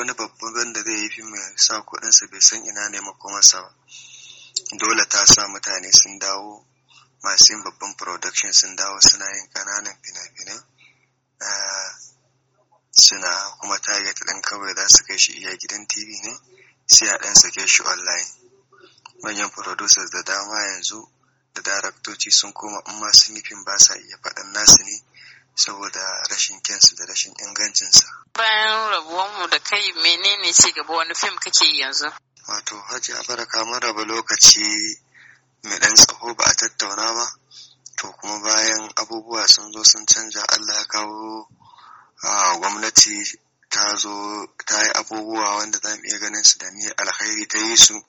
wani babban wanda zai yi fim mai sa kudinsa bai san ina ne makomarsa ba dole ta sa mutane sun dawo masu yin babban production sun dawo suna yin kananan fina-finai eh, suna kuma target ɗin kawai za su kai shi iya gidan tv ne sai a ɗan sake shi online manyan producers da dama yanzu da daraktoci sun koma in masu nufin basa ba sa iya faɗan nasu ne saboda rashin kyansu rashin ingancinsa. Bayan rabuwanmu da kai menene ci gaba wani fim kake yanzu? Wato Hajji Abaraka mun raba lokaci mai ɗan tsaho ba a tattauna ba, to kuma bayan abubuwa sun zo sun canja Allah ya kawo gwamnati ta zo ta yi abubuwa wanda za mu iya ganin su da ni alkhairi ta yi su.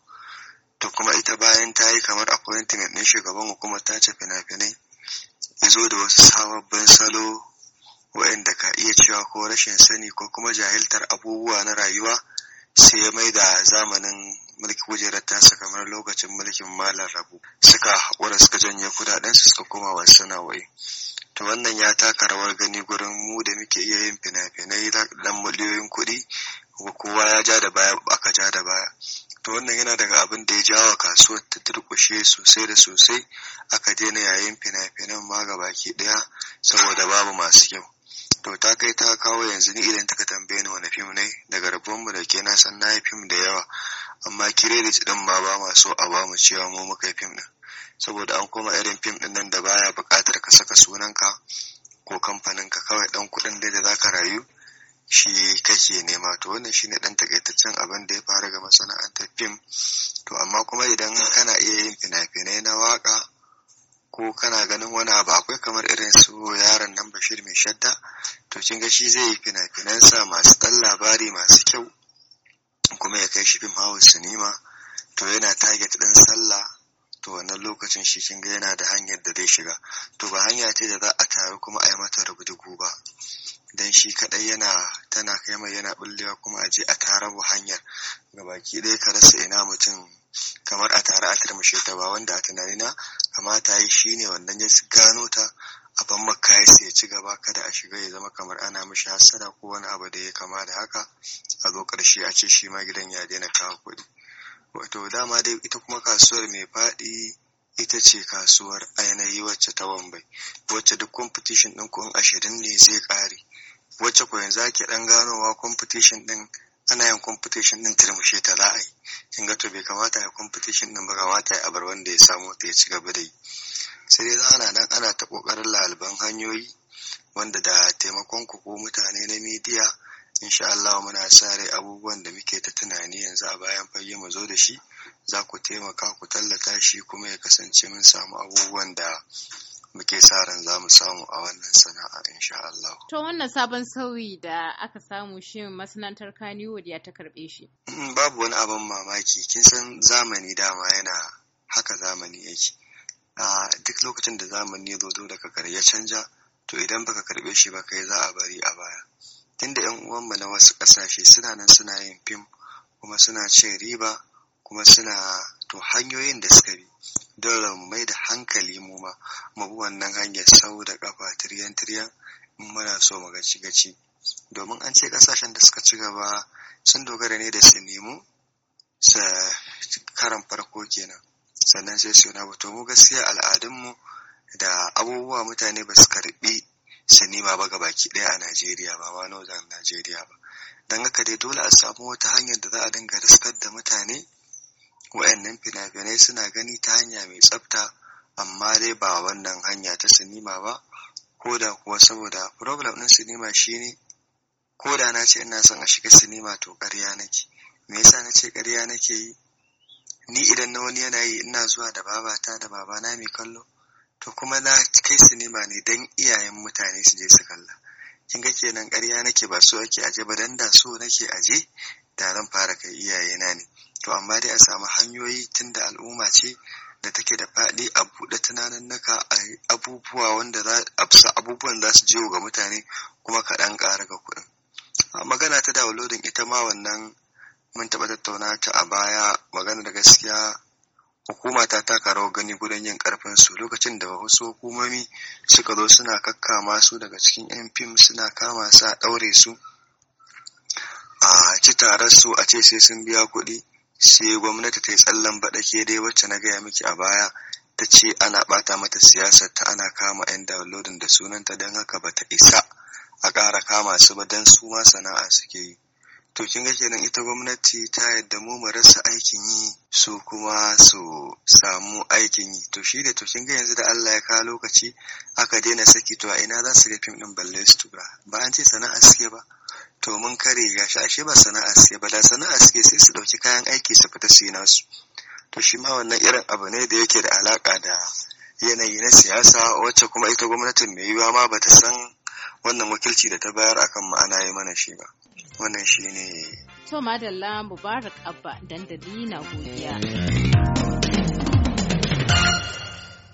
To kuma ita bayan ta yi kamar appointment ɗin shugaban hukumar ta ce fina-finai. ya zo da wasu sababbin salo wa'inda ka iya cewa ko rashin sani ko kuma jahiltar abubuwa na rayuwa sai ya mai da zamanin mulki kujerar tasa kamar lokacin mulkin malar rabu suka haƙura suka janye kudaden su suka koma wasu sana'o'i to wannan ya taka rawar gani gurin mu da muke iya yin fina-finai dan miliyoyin kuɗi kowa ya ja da baya aka ja da baya to wannan yana daga abin da ya jawa kasuwar ta turkushe sosai da sosai aka daina yayin fina-finan ma gabaki ɗaya saboda babu masu kyau to ta kai ta kawo yanzu ni idan taka tambaye ni wani fim ne daga mu da ke na san na yi fim da yawa amma kiredit din ma ba ma so a ba mu cewa mu muka yi fim din saboda an koma irin fim din nan da baya buƙatar ka saka sunanka ko kamfanin ka kawai dan kuɗin da da ka rayu shi kake nema to wannan shine dan takaitaccen abin da ya faru ga masana'antar fim to amma kuma idan kana iya yin fina-finai na waka ko kana ganin wani abu akwai kamar irin su yaron nan bashir mai shadda to kin ga shi zai yi fina-finansa masu dan labari masu kyau kuma ya kai shi fim house sinima to yana target ɗin sallah to wannan lokacin shi kin ga yana da hanyar da zai shiga to ba hanya ce da za a taru kuma a yi mata rubutu ba dan shi kadai yana tana kai mai yana bullewa kuma a je a hanya hanyar baki ɗaya ka rasa ina mutum kamar a tare a turmushe ta ba wanda a na? kamata yi shi ne wannan ya gano ta a ban sai ya ci gaba kada a shiga ya zama kamar ana mishi hasada ko wani abu da ya kama da haka a zo ƙarshe a ce shi ma gidan ya daina kawo kuɗi wato dama dai ita kuma kasuwar mai faɗi ita ce kasuwar a yanayi wacce ta wambai wacce duk competition ɗin kun ashirin ne zai ƙare wacce ko yanzu ake ɗan ganowa competition ɗin ana yin competition din turmushe ta za a yi kin ga to bai kamata ya competition din ba kamata ya abar wanda ya samu ta ya ci gaba da yi sai dai zana nan ana ta kokarin laliban hanyoyi wanda da taimakon ku ko mutane na media insha Allah muna sa rai abubuwan da muke ta tunani yanzu a bayan fage mu zo da shi za ku taimaka ku tallata shi kuma ya kasance mun samu abubuwan da muke sa ran za mu samu a wannan sana'a insha Allah. To wannan sabon sauyi da aka samu shi masana'antar Kaniwood ya ta karɓe shi. Mm, babu wani abin mamaki kin san zamani dama yana haka zamani yake. A duk lokacin da zamani ya zo daga kare ya canja to idan baka karɓe shi ba kai za a bari a baya. Tunda 'yan mu na wasu ƙasashe suna nan suna yin fim kuma suna cin riba kuma suna to hanyoyin da suka bi dole mai da hankali mu ma mu bi wannan hanyar sau da kafa tiryan tiryan in muna so mu gaci gaci domin an ce kasashen da suka ci gaba sun dogara ne da su nemo karan farko kenan sannan sai su na to mu gaskiya mu da abubuwa mutane ba su karbi sinima ba gabaki ɗaya a Najeriya ba wani wajen Najeriya ba. Don haka dai dole a samu wata hanyar da za a dinga riskar da mutane wa'annan fina-finai suna gani ta hanya mai tsafta amma dai ba wannan hanya ta sinima ba ko da kuwa saboda problem ɗin sinima shi ne. ko da na ce ina son a shiga sinima to ƙarya nake me yasa na ce ƙarya nake yi ni idan na wani yana yi ina zuwa da babata da babana mai kallo to kuma na kai sinima ne don iyayen mutane su je su kalla kin ga kenan ƙarya nake ba so ake aje ba dan da so nake aje da zan fara kai iyaye na ne to amma dai a samu hanyoyi tun da al'umma ce da take da faɗi a buɗe tunanin naka abubuwa wanda za abubuwan za su jiwo ga mutane kuma kaɗan ƙara ga kuɗin magana ta downloading ita ma wannan mun taɓa tattauna ta a baya magana da gaskiya hukuma ta taka rawar gani gudan yin karfin su lokacin da wasu hukumomi suka zo suna kakkama su daga cikin yan fim suna kama su a ɗaure su ci taron su a ce sai sun biya kuɗi sai gwamnati ta yi tsallan baɗake dai wacce na gaya miki a baya ta ce ana ɓata mata siyasar ta ana kama 'yan downloading da sunanta don haka ba ta isa a ƙara kama su ba don su ma sana'a suke yi to kin ga kenan ita gwamnati ta yadda mu mu rasa aikin yi su kuma su samu aikin yi to shi da to kin ga yanzu da Allah ya kawo lokaci aka daina saki to a ina za su ga fim din balle su ba an ce sana'a suke ba to mun kare gashi ashe ba sana'a suke ba da sana'a suke sai su ɗauki kayan aiki su fita su yi nasu to shi ma wannan irin abu ne da yake da alaka da yanayi na siyasa wacce kuma ita gwamnatin mai yiwuwa ma bata san wannan wakilci da ta bayar akan ma'ana ya mana shi ba wannan shi ne to madalla mubarak abba dandali na godiya